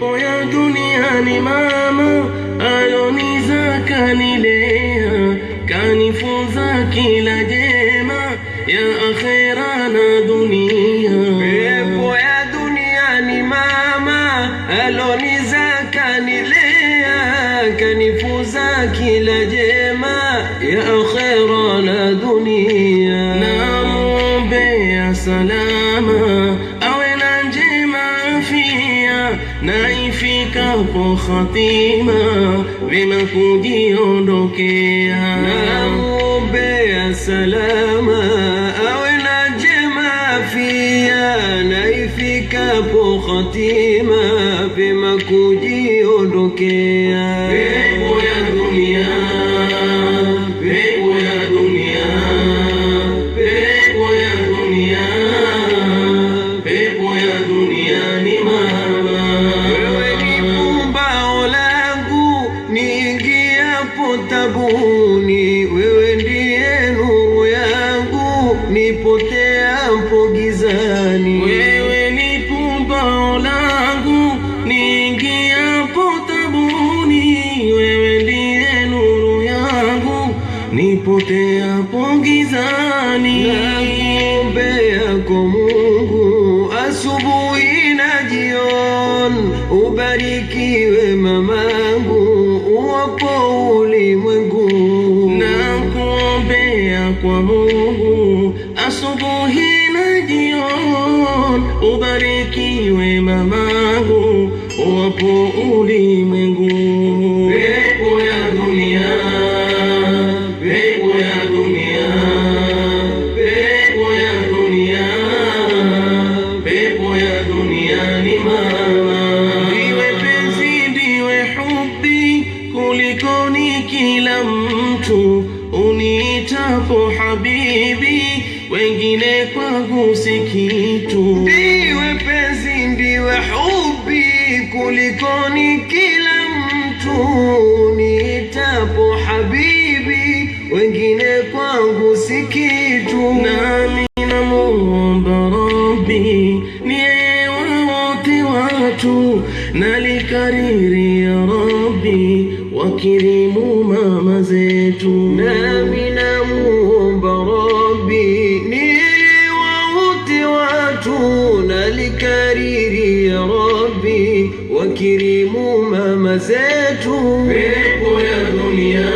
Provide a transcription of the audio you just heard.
يا دنيا لماما ألوني زكاني ليها كان فوزك لديما يا أخيرانا دنيا ريبو يا دنيا لماما ألوني زكاني ليها كان فوزك لديما يا أخيرانا دنيا ناموا بيا سلاما naifika upo hatima, vema kujiondokea. Namuombea salama, awe na jema afia, naifikapo hatima, vema kujiondokea. Pepo ya dunia tabuni, wewe ndiye nuru yangu, nipotea mpogizani wewe ni pumbao langu, niingiapo tabuni, wewe ndiye nuru yangu, nipotea mpogizani nakuombea kwa Mungu asubuhi na jioni, ubarikiwe mamangu uwapo kwa Mungu asubuhi na jioni. Ubarikiwe mamangu uwapo ulimwengu. Pepo ya dunia, ni hubi kulikoni kila mtu unitapo bibi, wengine kwa si kitu. Ndiwe penzi, ndiwe hubi, kulikoni kila mtu. Nitapo habibi, wengine kwangu si kitu. Nami namuomba Rabbi ni yeye wote watu, nalikariri ya Rabbi wakirimu mama zetu nami namu kariri ya Rabbi, wakirimu mama zetu. Pepo ya dunia,